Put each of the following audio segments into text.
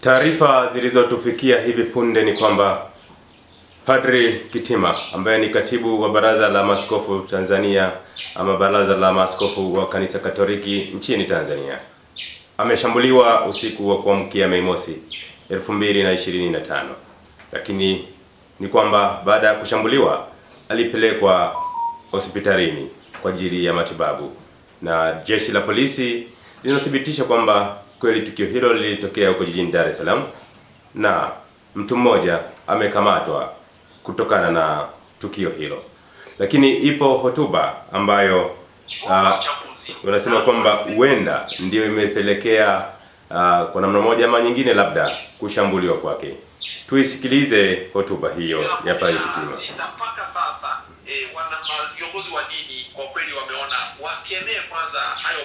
Taarifa zilizotufikia hivi punde ni kwamba Padri Kitima ambaye ni katibu wa Baraza la Maaskofu Tanzania ama Baraza la Maaskofu wa Kanisa Katoliki nchini Tanzania ameshambuliwa usiku wa kuamkia Mei Mosi 2025. Lakini ni kwamba baada ya kushambuliwa alipelekwa hospitalini kwa ajili ya matibabu na jeshi la polisi linathibitisha kwamba Kweli tukio hilo lilitokea huko jijini Dar es Salaam na mtu mmoja amekamatwa kutokana na tukio hilo, lakini ipo hotuba ambayo wanasema ah, uh, kwamba huenda ndiyo imepelekea uh, kwa namna moja ama nyingine labda kushambuliwa kwake. Tuisikilize hotuba hiyo ya pale Kitima. Mpaka sasa eh, viongozi wa dini kwa kweli wameona wakemee kwanza hayo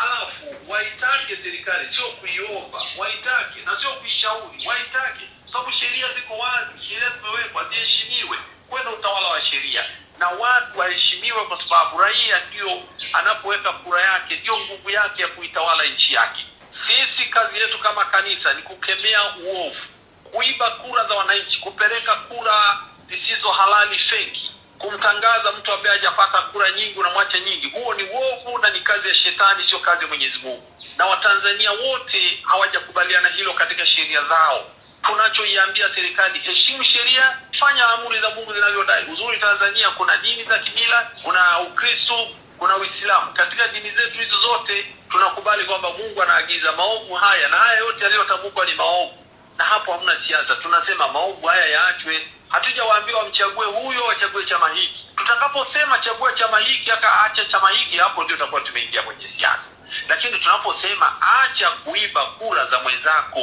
alafu waitake serikali, sio kuiomba, waitake na sio kuishauri, waitake sababu sheria ziko wazi, sheria zimewekwa ziheshimiwe, kwenda utawala wa sheria na watu waheshimiwe, kwa sababu raia ndio anapoweka kura yake, ndio nguvu yake ya kuitawala nchi yake. Sisi kazi yetu kama kanisa ni kukemea uovu, kuiba kura za wananchi, kupeleka kura zisizo halali, feki kumtangaza mtu ambaye hajapata kura nyingi unamwacha nyingi, huo ni uovu na ni kazi ya shetani, sio kazi ya Mwenyezi Mungu. Na Watanzania wote hawajakubaliana hilo katika sheria zao. Tunachoiambia serikali, heshimu sheria, fanya amri za Mungu zinavyodai. Uzuri Tanzania kuna dini za kimila, kuna Ukristo, kuna Uislamu. Katika dini zetu hizo zote tunakubali kwamba Mungu anaagiza maovu haya, na haya yote yaliyotambukwa ni maovu na hapo hamna siasa. Tunasema maovu haya yaachwe. Hatujawaambiwa mchague huyo, wachague chama hiki. Tutakaposema chagua chama hiki aka acha chama hiki, hapo ndio tutakuwa tumeingia kwenye siasa. Lakini tunaposema acha kuiba kura za mwenzako,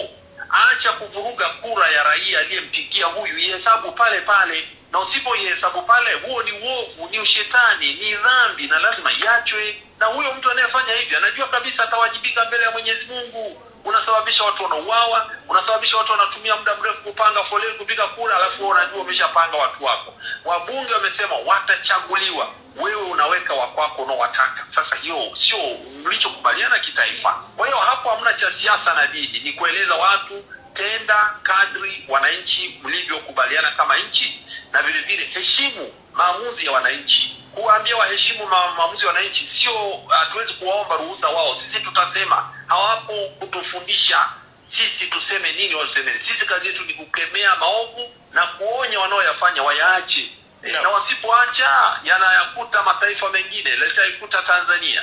acha kuvuruga kura ya raia aliyempigia huyu, ihesabu pale pale, na usipoihesabu pale, huo ni uovu, ni ushetani, ni dhambi, na lazima iachwe. Na huyo mtu anayefanya hivyo anajua kabisa atawajibika mbele ya Mwenyezi Mungu unasababisha watu wanauawa, unasababisha watu wanatumia muda mrefu kupanga foleni kupiga kura, alafu unajua umeshapanga watu wako. Wabunge wamesema watachaguliwa, wewe unaweka wakwako unaowataka. Sasa hiyo sio mlichokubaliana kitaifa. Kwa hiyo hapo hamna cha siasa na dini, ni kueleza watu tenda kadri wananchi mlivyokubaliana kama nchi, na vilevile heshimu maamuzi ya wananchi kuwaambia waheshimu maamuzi ya wananchi, sio ah, hatuwezi uh, kuwaomba ruhusa wao. Sisi tutasema, hawapo kutufundisha sisi tuseme nini waseme. Sisi kazi yetu ni kukemea maovu na kuonya wanaoyafanya wayaache, yeah. na wasipoacha yanayakuta mataifa mengine, letaikuta Tanzania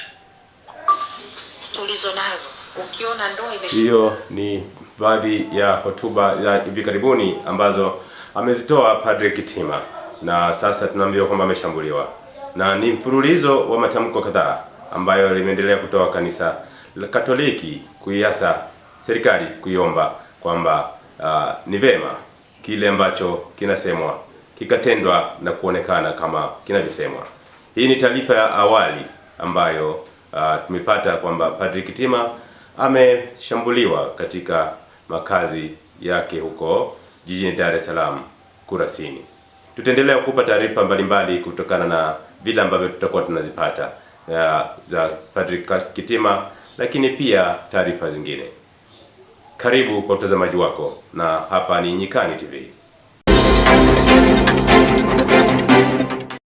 tulizo nazo. Ukiona ndoa imeshuka. Hiyo ni baadhi ya hotuba ya hivi karibuni ambazo amezitoa Padre Kitima, na sasa tunaambiwa kwamba ameshambuliwa na ni mfululizo wa matamko kadhaa ambayo limeendelea kutoa kanisa la Katoliki kuiasa serikali kuiomba kwamba uh, ni vema kile ambacho kinasemwa kikatendwa na kuonekana kama kinavyosemwa. Hii ni taarifa ya awali ambayo uh, tumepata kwamba Padri Kitima ameshambuliwa katika makazi yake huko jijini Dar es Salaam Kurasini. Tutaendelea kukupa taarifa mbalimbali kutokana na vile ambavyo tutakuwa tunazipata ya, uh, za Patrick Kitima, lakini pia taarifa zingine. Karibu kwa utazamaji wako, na hapa ni Nyikani TV.